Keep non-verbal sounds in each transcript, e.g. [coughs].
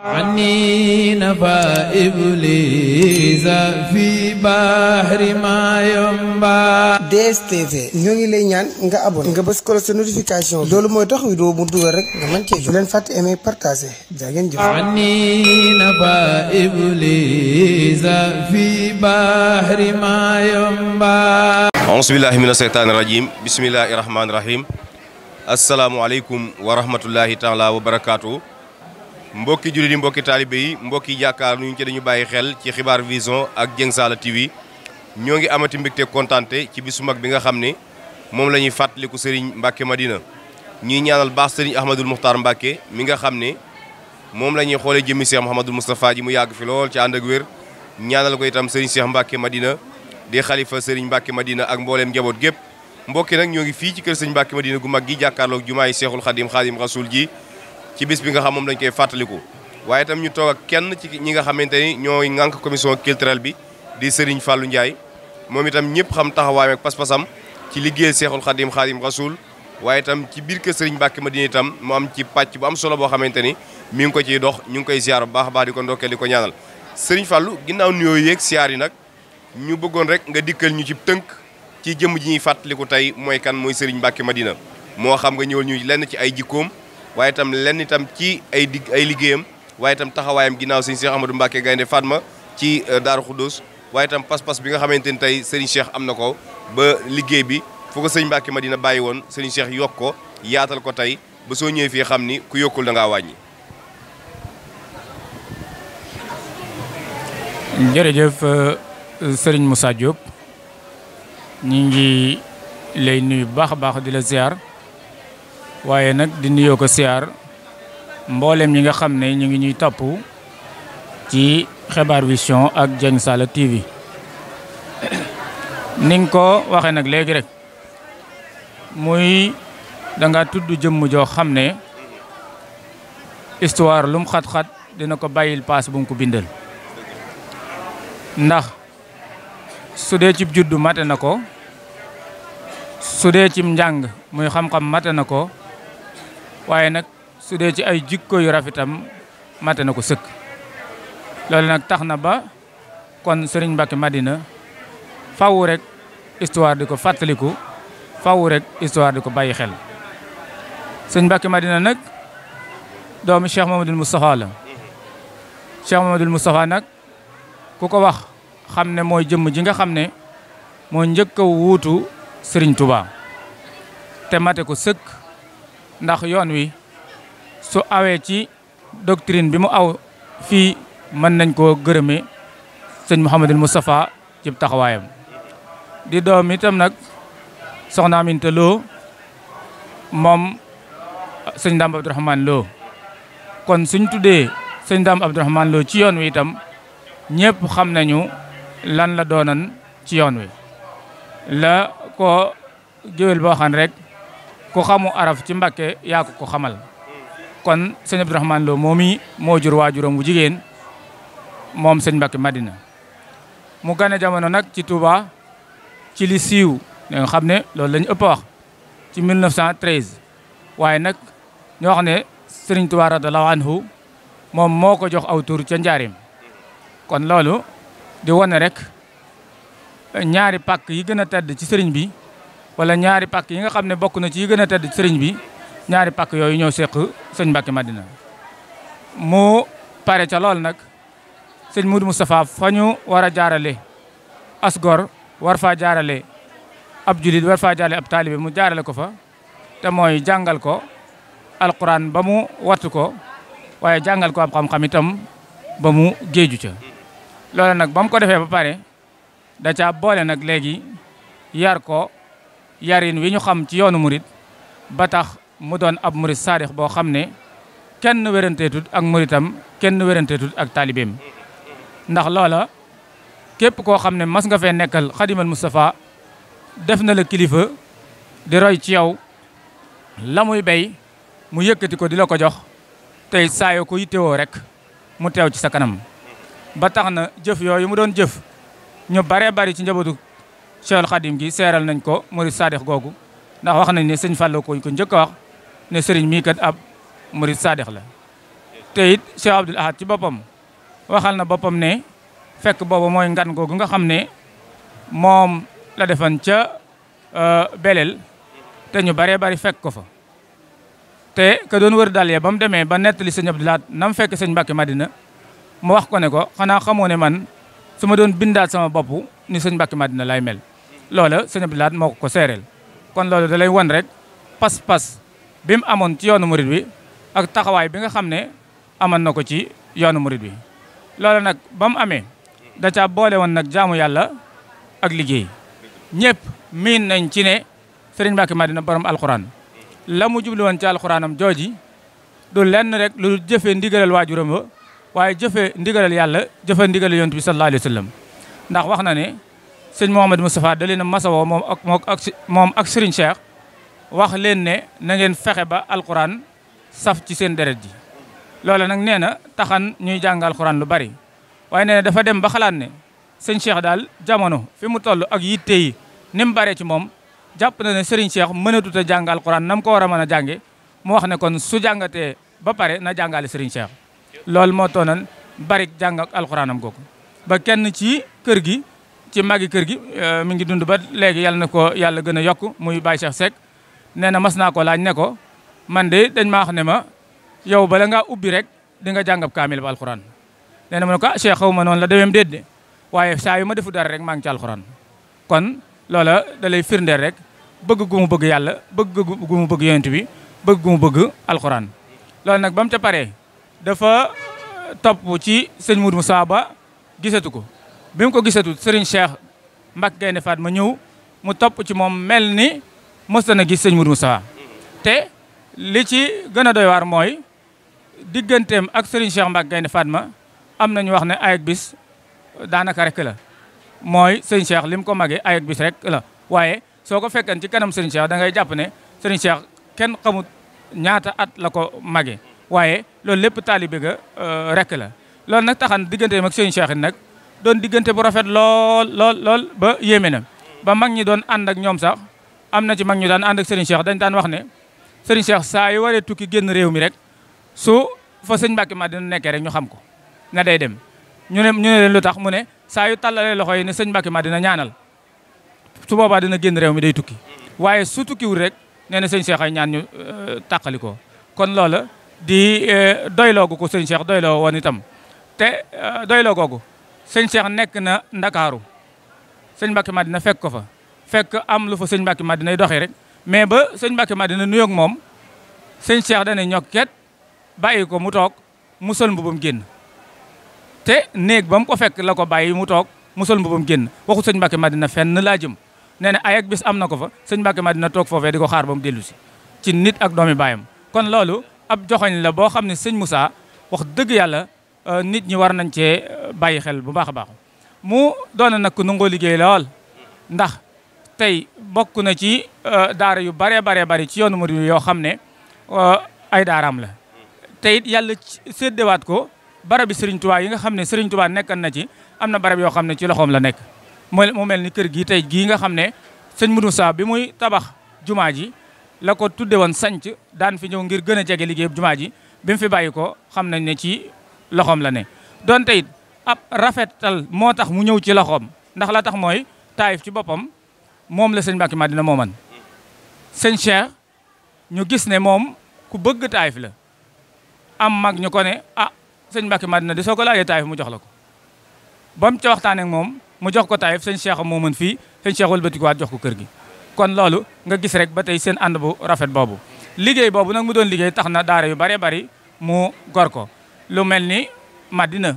عني نفى إبليس في بحر ما ينبع DSTV ñoo ngi lay ñaan nga abonné nga bës ko sa notification loolu mooy tax vidéo mu dugal rek nga mën cee jox leen fàtte aimer partager jaa ngeen عني نفى إبليس في بحر ما ينبع أعوذ بالله من الشيطان الرجيم بسم الله الرحمن الرحيم السلام عليكم الله تعالى وبركاته mbokki jullit yi mbokki taalibe yi mbokki yaakaar nu ñu ci dañu bàyyi xel ci xibaar vision ak Dieng Saala TV ñoo ngi amati mbégte kontante ci bisu mag bi nga xam ne moom la ñuy fàttaliku Serigne mbakke Madina ñuy ñaanal baax sëriñ Ahmadul Muxtaar Mbacke mi nga xam ne moom la ñuy xoolee jëmmi Cheikh Mouhamadul Moustapha ji mu yàgg fi lool ci ànd ak wér ñaanal ko itam Serigne Cheikh Mbacke Madina di xalifa Serigne Mbacke Madina ak mbooleem njaboot gépp mbokki nag ñoo ngi fii ci kër Serigne Mbacke Madina gu mag gi jàkkaarloog jumaay Cheikhul Khadim Khadim Rasoul ji ci bis bi nga xam moom dañ koy fàttaliku waaye itam ñu toog ak kenn ci ñi nga xamante ni ñooy ŋànk commission culturelle bi di Serigne fàllu Ndiaye moom itam ñëpp xam taxawaayam ak pas-pasam ci liggéey Seexul Xadim Xadim Rasoul waaye itam ci biir kër Serigne Mbacke Madina itam mu am ci pàcc bu am solo boo xamante ni mi ngi ko ciy dox ñu ngi koy ziar baax a baax di ko ndokkeel di ko ñaanal Serigne fàllu ginnaaw nuyoo yeeg ziar yi nag ñu bëggoon rek nga dikkal ñu ci tënk ci jëmm ji ñuy fàttaliku tey mooy kan mooy Serigne Mbacke Madina moo xam nga ñëwal ñu lenn ci ay jikkoom waaye itam lenn itam ci ay dig ay liggéeyam waaye itam taxawaayam ginnaaw sëñ Cheikh Amadou Mbacke Gaynde Fatma ci euh, Daaru Khoudoss waaye itam pas-pas bi nga xamante ni tey sëriñ Cheikh am na ko ba liggéey bi fu ko sëñ ma dina bàyyi woon sëriñ Cheikh yokk ko yaatal ko tey ba soo ñëwee fii xam ni ku yokkul da ngaa wàññi. jërëjëf euh, sëriñ Moussa Diop ñu ngi lay nuyu baax a baax di la ziar. waaye nag di nuyoo ko siyaar mbooleem ñi nga xam ne ñu ngi ñuy topp ci Xibaar Vision ak Dieng Saala TV [coughs] ni nga ko waxee nag léegi rek muy danga tudd jëmm joo xam ne histoire lum xat-xat dina ko bàyyil paas bu nga ko bindal ndax sudee dee cib juddu mate na ko sudee dee njàng muy xam-xam mate na ko waaye nag su dee ci ay jikko yu rafetam mate na ko sëkk loolu nag tax na ba kon Serigne Mbacké Madina fawu rek histoire di ko fàttaliku fawu rek histoire di ko bàyyi xel Serigne Mbacké Madina nag doomi Cheikh Mamadou Moustapha la Cheikh mu Moustapha nag ku ko wax xam ne mooy jëmm ji nga xam ne moo njëkk a wuutu sëriñ Touba te mate ko sëkk ndax yoon wi su awee ci doctrine bi mu aw fii mën nañ koo gërëme sëñ Mouhamadul Moustapha ci taxawaayam di doom itam nag soxna Aminta moom sëñ Dame Abdourahmane Lo kon suñ tuddee sëñ Dame Abdourahmane Lo ci yoon wi itam ñëpp xam nañu lan la doonan ci yoon wi la ko géwél boo xam rek ku xamu araf ci Mbàkke yaa ko ko xamal kon sëñ Abdourahmane Lo moo jur waajuram bu jigéen moom sëñ Mbàkke Madina mu gane jamono nag ci Touba ci li siiw xam ne loolu lañu ëpp wax ci waaye nag ñoo xam ne Sëriñ Touba radiyallahu anhu moom moo ko jox aw tur ca njaarim kon loolu di wane rek ñaari pàkk yi gën a tedd ci sëriñ bi wala ñaari pàkk yi nga xam ne bokk na ci yi gën a tedd sëriñ bi ñaari pàkk yooyu ñoo seq sëñ Mbacke Madina mu pare ca lool nag sëñ Moudou Moustapha fa ñu war a jaarale asgor war faa jaarale ab julit war faa jaarale ab taalibe mu jaarale ko fa te mooy jàngal ko alquran ba mu wattu ko waaye jàngal ko ab xam-xam itam ba mu géeju ca loolu nag ba mu ko defee ba pare da caa boole nag léegi yar ko yarin wi ñu xam ci yoonu murit ba tax mu doon ab murit saadix boo xam ne kenn wéranteetut ak muritam kenn wéranteetut ak taalibeem ndax loola képp koo xam ne mas nga fee nekkal xadimal Moustapha def na la kilifa di roy ci yow la muy bay mu yëkkati ko di la ko jox tey saayo yoo ko yittewoo rek mu teew ci sa kanam ba tax na jëf yooyu mu doon jëf ñu baree bari ci njabootu Cheikhul Khadim gi seeral nañ ko murid saadix googu ndax wax nañ ne sëñ Fallou koñ ko njëkk wax ne sëriñ mii kat ab murid saadix la te it Cheikh Abdoul Ahad ci boppam waxal na boppam ne fekk boobu mooy ngan googu nga xam ne moom la defan ca euh, beleel te ñu baree bari fekk ko fa te ka doon wër dal ya ba mu demee ba nettali sëñ Abdoul na mu fekk sëñ Mbàkke Madina mu wax ko ne ko xanaa xamoo ne man su ma doon bindaat sama bopp ni sëñ Mbàkke maddina lay mel loola sëñ Abdou Lahad moo ko ko seereel kon loolu da lay won rek pas-pas bi mu amoon ci yoonu murit bi ak taxawaay bi nga xam ne amoon na ko ci yoonu murit bi loole nag ba mu amee da caa boole woon nag jaamu yàlla ak liggéey ñëpp miin nañ ci ne sëriñ ma Madina borom alxuraan la mu jublu woon ci alxuraanam jooji du lenn rek lu jëfee ndigalal waajuram ba waaye jëfee ndigalal yàlla jëfee ndigalal yonent bi sallallahu alayhi wa ndax wax na ne sëñ Mouhamadou Moustapha da leen a masawoo moom ak moom ak moom ak Serigne Cheikh wax leen ne na ngeen fexe ba alxuraan saf ci seen deret ji loola nag nee na taxan ñuy jàng alxuraan lu bari waaye nee na dafa dem ba xalaat ne sëñ Cheikh daal jamono fi mu toll ak yitte yi ni mu baree ci moom jàpp na ne Serigne Cheikh mënatut a jàng alxuraan nam ko war a mën a jànge mu wax ne kon su jàngatee ba pare na jàngale Serigne Cheikh loolu moo toonan bari jàng ak alxuraanam googu ci mag yi kër gi euh, mi ngi dund ba léegi yàlla na ko yàlla gën a yokk muy Baye Cheikh Seck nee mas naa ko laaj ne ko man de dañ maa ne ma yow bala ngaa ubbi rek di nga jàngab kaamil ba alxuraan nee na ma ne ko ah Cheikh xaw ma noonu la demee déet de waaye saa yu ma defu dara rek maa ngi ci alxuraan kon loola da lay rek bëgg gu bëgg yàlla bëgg gu bëgg yonent bi bëgg gu bëgg alxuraan loolu nag ba mu ca pare dafa euh, topp ci sëñ Mourou Moussa ba gisatu ko. bi mu ko gisatul Serigne Cheikh Mbacke Gaynde ma ñëw mu topp ci moom mel ni mësta na gis sëñ Mourou Moustapha te li ci gën a doy waar mooy digganteem ak Serigne Cheikh Mbacke Gaynde Fatma am nañu wax ne ayeg bis daanaka rek la mooy sëñ Cheikh li mu ko mage ayeg bis rek la waaye soo ko fekkan ci kanam Serigne Cheikh da ngay jàpp ne Serigne Cheikh kenn xamut ñaata at la ko mage waaye loolu lépp taalibe ga euh, rek la loolu nag taxan digganteem ak Serigne Cheikh nag. doon diggante bu rafet lool lool lool ba yéeme na ba mag ñi doon ànd ak ñoom sax am na ci mag ñu daan ànd ak Serigne Cheikh dañ daan wax ne Serigne Cheikh saa yu waree tukki génn réew mi rek su fa sëñ Mbàkke ma dina nekkee rek ñu xam ko na day dem ñu ne ñu lu tax mu ne saa yu tàllalee loxo yi ne sëñ Mbàkke ma dina ñaanal su boobaa dina génn réew mi day tukki waaye su tukkiwul rek nee na sëñ Cheikh ay ñaan ñu euh, tàqali ko kon loola di euh, doyloogu ko sëñ Cheikh doyloo woon itam te euh, doyloo googu sëñ Cheikh nekk na ndakaaru sëñ Mbacke Madina fekk ko fa fekk am lu fa sëñ Mbacke Madina doxee rek mais ba sëñ Mbacke Madina nuyoo ak moom sëñ Cheikh dana ñokket bàyyi ko mu toog mu sol mbubam génn te néeg ba mu ko fekk la ko bàyyi mu toog mu sol mbubam génn waxu sëñ Mbacke Madina fenn laa jëm nee ay ak bis am na ko fa sëñ Mbacke Madina toog foofee di ko xaar ba mu dellu si ci nit ak doomi baayam kon loolu ab joxoñ la boo xam ne sëñ Moussa wax dëgg yàlla Euh, nit ñi war nañ cee euh, bàyyi xel bu baax a baax mu doon nag ku liggéey lool ndax tey bokk na ci euh, daara yu baree baree bari ci yoonu murid yoo xam ne ay daaraam la te it yàlla séddewaat ko barabi Serigne yi nga xam ne Serigne nekkan na ci am na barab yoo xam ne ci loxoom la nekk mu mel ni kër gi tey gii nga xam ne sëñ Modou saa bi muy tabax jumaa ji la ko tudde woon sanc daan fi ñëw ngir gën a jege liggéey jumaa ji bi mu fi bàyyi ko xam nañ loxoom la ne donte it ab rafetal moo tax mu ñëw ci loxoom ndax la tax mooy taayif ci boppam moom la sëñ Mbàkke Madina mooman sëñ Cheikh ñu gis ne moom ku bëgg taayif la am mag ñu ko ne a ah, sëñ Mbàkke Madina di soo ko laajee taayif mu jox la ko ba mu ca waxtaanee moom mu jox ko taayif sëñ Cheikh moo mën fii sëñ Cheikh wëlbatikuwaat jox ko kër gi kon loolu nga gis rek ba tey seen ànd bu rafet boobu liggéey boobu nag mu doon liggéey tax na daara yu bare bari mu gor lu mel ni Madina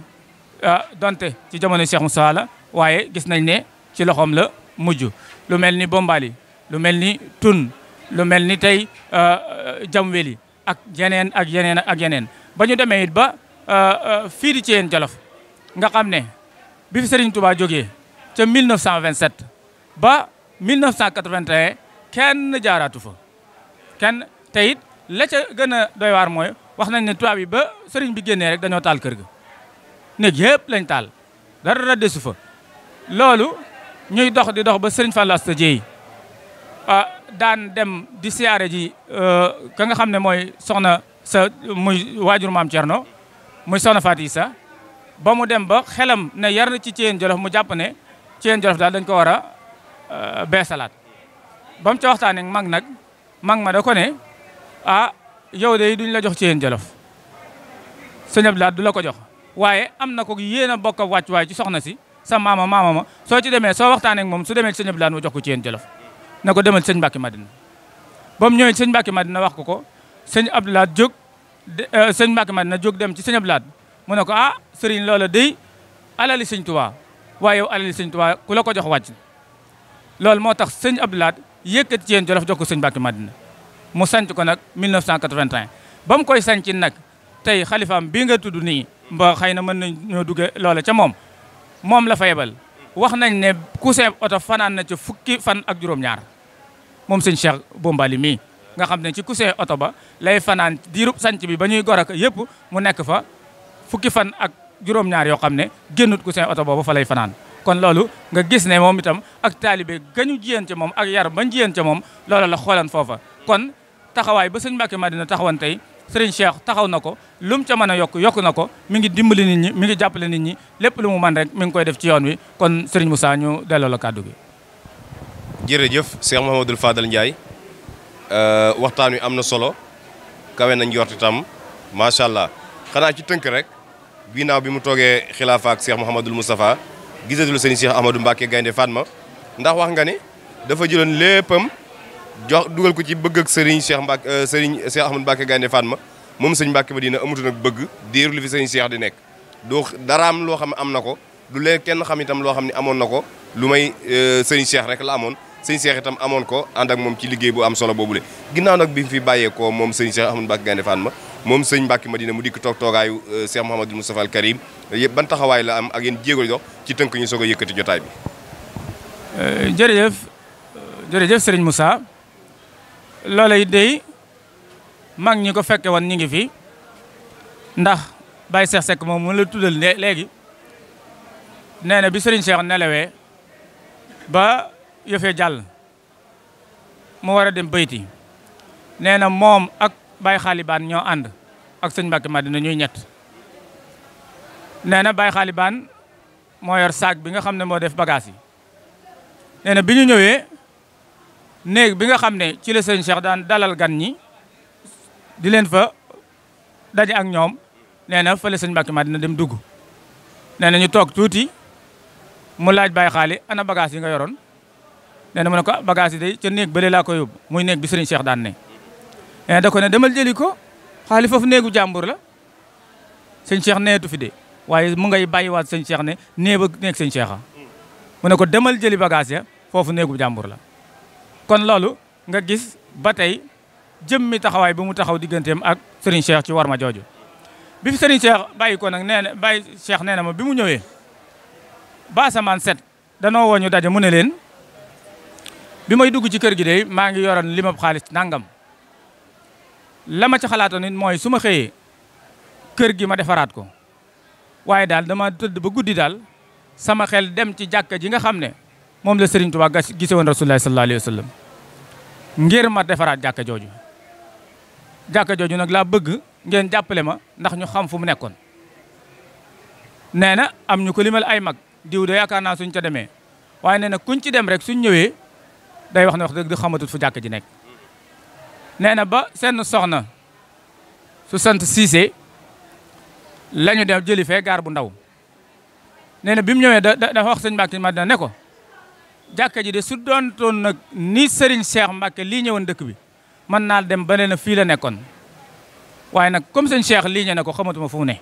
ah, donte ci jamono Cheikh Moussa la waaye gis nañ ne ci loxoom la mujj lu mel ni Bombali lu mel ni Tun lu mel ni tey ah, ah, Jamweli ak yeneen ak yeneen ak yeneen ba ñu demee it ba fii di ci yéen Jolof nga xam ne bi fi Serigne Touba jógee ca 1927 ba 1981 kenn jaaraatu fa kenn te it la gën a doy waar mooy wax nañ ne tubaab yi ba sëriñ bi génnee rek dañoo taal kër ga néeg yëpp lañ taal dara desu fa loolu ñuy dox di dox ba sëriñ Fallou Asta Dieye ah, daan dem di siyaare ji euh, ka nga xam ne mooy soxna sa muy waajur maam Thierno muy soxna Fatou Issa ba mu dem ba xelam ne yar na ci Thiène Jolof mu jàpp ne Thiène Jolof daal dañ ko war a euh, beesalaat ba mu ca waxtaanee mag nag mag ma da ko ne ah, yow day duñ la jox ci yéen jolof sëñ Abdou Lahad du la ko jox waye amna ko yeena bokk wàcc way ci soxna ci sa mama mama ma so ci deme so waxtane ak mom su deme ci sëñ Abdou Lahad mu jox ko ci yéen jolof nako demal sëñ Mbàkke Madina bam mu ñëwee sëñ Mbàkke Madina wax ko ko sëñ Abdou lad jóg sëñ Mbàkke Madina jóg dem ci sëñ Abdou lad mu ne ko ah sëriñ loola day alali sëñ Tuubaa waye yow alali sëñ Tuubaa ku la ko jox wàcc loolu motax tax sëñ Abdou lad yëkkati ci yéen jolof jox ko sëñ Mbàkke Madina mu sanc ko nag 1981 ba mu koy sanc nag tey xalifaam bii nga tudd nii mba xay na mën nañ ñoo dugge loola ca moom moom la fa yebal wax nañ ne coussin oto fanaan na ca fukki fan ak juróom-ñaar moom sëñ Cheikh Bombali mii nga xam ne ci coussin oto ba lay fanaan diirub sanc bi ba ñuy gor ak yëpp mu nekk fa fukki fan ak juróom-ñaar yoo xam ne génnut coussin oto boobu fa lay fanaan kon loolu nga gis ne moom itam ak taalibe gañu jiyeen ca moom ak yar bañ jiyan ca moom loola la xoolan foofa taxawaay ba sëñ Mbacke Madina taxawan tey sëriñ Cheikh taxaw na ko lu mu ca mën a yokk yokk na ko mi ngi dimbali nit ñi mi ngi jàppale nit ñi lépp lu mu man rek mi ngi koy def ci yoon wi kon sëriñ Moussa ñu delloo la kàddu gi. jërëjëf Cheikh Mouhamadul Fadal Ndiaye euh, waxtaan wi am na solo kawe nañ jort itam macha allah xanaa ci tënk rek naaw bi mu toogee xilaafa ak Cheikh Mouhamadul Moustapha gisatul sëriñ Cheikh Ahmadou Mbacke Gaynde fan ma ndax wax nga ne dafa jëloon jox dugal ko ci bëgg ak Serigne Cheikh Mbacke euh, Serigne Cheikh Ahmadou Mbacke Gaynde Fatma moom sëñ Mbacke Madina amatul nag bëgg diir li fi sëñ di nekk du daraam loo xam ne am na ko du lee kenn xam itam loo xam ne amoon na ko lu may euh, sëñ Cheikh rek la amoon sëñ Cheikh itam amoon ko ànd ak moom ci liggéey bu am solo boobule ginnaaw nag bi mu fi bàyyeekoo moom sëñ Cheikh Ahmadou Mbacke Gaynde Fatma moom sëñ Mbacke Madina mu dikk toog toogaayu euh, Cheikh Mouhamadou Moustapha Al Karim yëpp ban taxawaay la am ak yéen jéego jox ci tënk ñu soog a yëkkati jotaay bi jërëjëf jërëjëf Serigne Moussa lolay dey mag ñi ko fekke won ñi ngi fi ndax bay Cheikh sek mom mo la tuddal léegi nee bi Serigne Cheikh nelewé ba yofé jall mo wara dem bayti neena mom ak bayi khaliban ño and ak sëñ Mbàkke Madina ñuy ñett neena bay khaliban mo yor sac bi nga xamne ne def bagage yi neena biñu ñëwé néeg bi nga xam ne ci la sëñ seex daan dalal gan ñi di leen fa daje ak ñoom nee na fa la sëñ ma dina dem dugg nee na ñu toog tuuti mu laaj Baay Xaali ana bagage yi nga yoroon nee na mu ko ah, bagage yi day ca néeg bële laa ko yóbbu muy néeg bi sëriñ Cheikh daan ne nee da ko ne demal jëli ko xaali foofu néegu jàmbur la sëñ Cheikh neetu fi waaye mu ngay bàyyiwaat sëñ Cheikh ne néeg ba néeg sëñ Cheikh a mu ne foofu néegu jàmbur la kon lolu nga gis batay jëm mi taxaway bu mu taxaw digëntem ak Serigne Cheikh ci war ma bi fi Serigne Cheikh bayiko nak neena bay Cheikh neena ma bi mu ñëwé ba man set da no ñu daje mu ne len bi may dugg ci kër gi de ma ngi yoron limab xaalis nangam la ci xalaatoon nit mooy su ma kër gi ma defaraat ko waye dal dama teud ba sama xel dem ci jàkka ji nga xamne moom la Serigne Touba gise woon rasulullahi sallallahu alayhi wa sallam ngir ma defaraat jàkka jooju jàkka jooju nag laa bëgg ngeen jàppale ma ndax ñu xam fu mu nekkoon nee na am ñu ko limal ay mag diw de yaakaar naa suñ ca demee waaye nee na kuñ ci dem rek suñ ñëwee day wax ne wax dëgg di xamatut fu jàkka ji nekk nee na ba seen soxna su sant Cissé la ñu dem jëli fee gaar bu ndaw nee na bi mu ñëwee da dafa wax sëñ Mbàkke Madina ne ko jàkka ji de su doon toon nag nii sëriñ Cheikh Mbacke lii ñëwoon dëkk bi mën naa dem ba ne na fii la nekkoon waaye nag comme sëñ Cheikh lii ñëw ne ko xamatuma fu mu ne.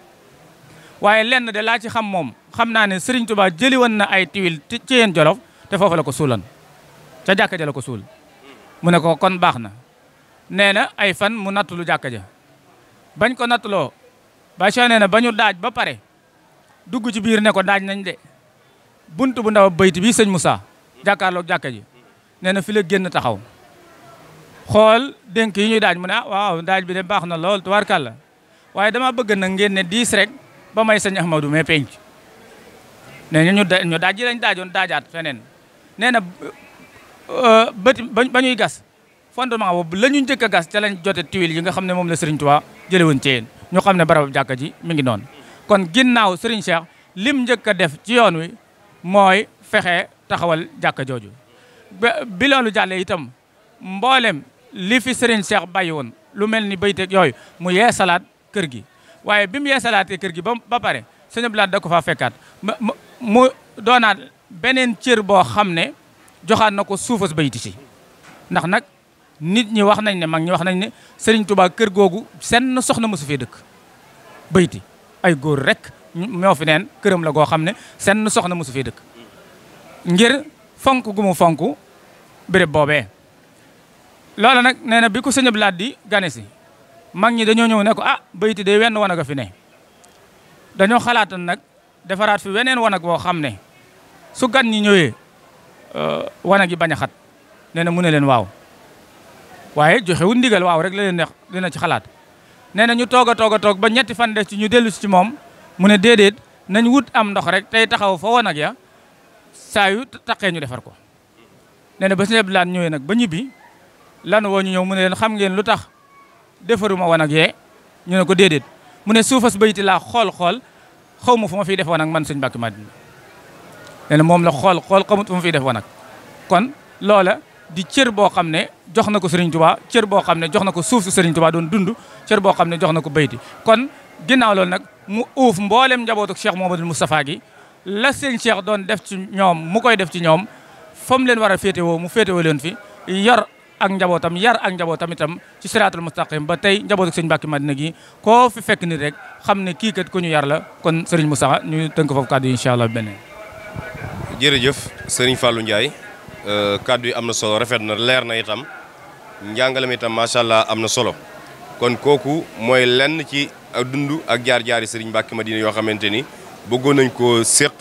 waaye lenn de laa ci xam moom xam naa ne Serigne Touba jëli woon na ay tiwil ci yéen jolof te foofu ko suulan ca jàkka ja la ko suul mu ne ko kon baax na nee na ay fan mu nattulu jàkka ja bañ ko nattuloo ba nee na bañu daaj ba pare dugg ci biir ne ko daaj nañ de bunt bu ndaw a bayti bi sëñ Moussa. jàkkaarloog jàkka ji nee na fi la génn taxaw xool dénk yi ñuy daaj mu ne ah waaw daaj bi de baax na lool tubaarkàlla waaye dama bëgg nag ngeen ne diis rek ba may sëñ Ahmadou mais penc nee na ñu da ñu daaj yi lañ daajoon daajaat feneen nee na euh, bëti ba ñuy gas fondement boobu la ñu njëkk a gas ca jote tuile yi nga xam ne moom la Serigne Touba jëlee woon ñu xam ne barabu jàkka ji mi ngi kon ginnaaw Serigne Cheikh lim njëkk a def ci yoon wi mooy fexe. taxawal jàkka jooju bi loolu jàllee itam mboolem li fi Serigne Cheikh bàyyi woon lu mel ni bayteeg yooyu mu yee salaat kër gi waaye bi mu yee salaatee kër gi ba ba pare sëñ Abdoulaye da ko faa fekkaat mu doonaat beneen cër boo xam ne joxaat na ko suufas bayti si ndax nag nit ñi wax nañ ne mag ñi wax nañ ne Serigne tubaa kër googu senn soxna mosu fee dëkk bayti ay góor rek ñoo fi neen këram la goo xam ne senn soxna mësu fee dëkk ngir fonk gumu fonk bere bobé lola nak néna na bi ko sëñ mag ñi dañu ñew ne ko ah beuyti day wenn wanag a fi ne dañu xalaat nak defaraat fi weneen wanag boo xam su gan ñi ñewé euh yi bañ a xat néna na mu ne leen waaw waaye ndigal waw rek la len neex dina ci xalaat néna ñu toga toga tok ba ñetti fan des ci ñu dellu ci mom mu ne nañ wut am ndox rek tay taxaw wanag ya saa yu taqee ñu defar ko nee na ba sëñ Abdou Lahad ñëwee nag ba ñibbi lan woo ñu ñëw mu ne leen xam ngeen lu tax defaruma woon ak yee ñu ne ko déedéet mu ne suufas bayti laa xool-xool xaw ma fu fiy def woon ak man sëñ Mbàkke Madina moom la xool xool xamut fu ma fi def woon ak kon loola di cër boo xam ne jox na ko Sëriñ Tuubaa cër boo xam ne jox na ko suuf su Sëriñ Tuubaa doon dund cër boo xam ne jox na ko bayti kon ginnaaw loolu nag mu uuf mboolem njabootu Cheikh Mouhamadoul Moustapha gi la sëñ Cheikh doon def ci ñoom mu koy def ci ñoom fa mu leen war a féetewoo mu leen fi ak yar ak njabootam itam ci siraatul mustaqim ba jabo njaboot ak sëñ Mbàkke Madina gi koo fi fekk ni rek ne kat ñu yar la kon sëriñ Moussa ñu tënk foofu kàddu yi incha allah beneen. jërëjëf sëriñ Fallou Ndiaye euh, kàddu yi am na solo rafet na leer na itam njàngalam itam solo kon koku moy lenn ci dund ak jaar-jaari sëriñ Mbàkke Madina yoo bëggoon nañ ko séq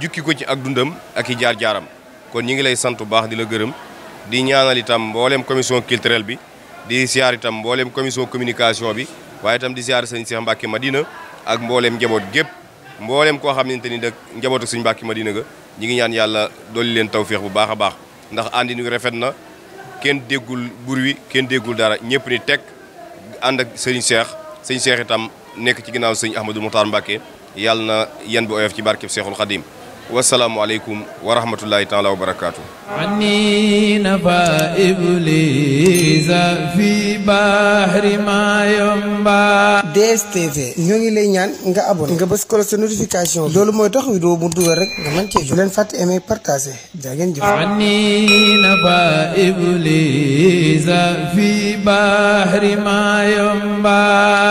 jukki ko ci ak dundam ak i jaar-jaaram kon ñi ngi lay sant bu baax di la gërëm di ñaanal itam mbooleem commission culturelle bi di siyaar itam mbooleem commission communication bi waaye itam di siyaar sëñ Cheikh Mbacke Madina ak mbooleem njaboot gépp mbooleem koo xamante ni nag njabootu suñ Mbacke Madina ga ñi ngi ñaan yàlla dolli leen tawféex bu baax a baax ndax àndin wi rafet na kenn déggul bur wi kenn déggul dara ñëpp ni teg ànd ak sëñ Cheikh sëñ Cheikh itam nekk ci ginnaaw sëñ Ahmadou yàlla na yan bi oyof ci barkeb Seexul Xadim wasalaamu aleykum wa rahmatullahi taala wa barakaatu anina fa ñoo ngi lay ñaan nga abonné nga bës ko sa notification loolu mooy tax vidéo bu dugal rek nga mën cee jot leen fàtte aimer partager jaa ngeen jëf anina fa iblisa fi bahri ma yomba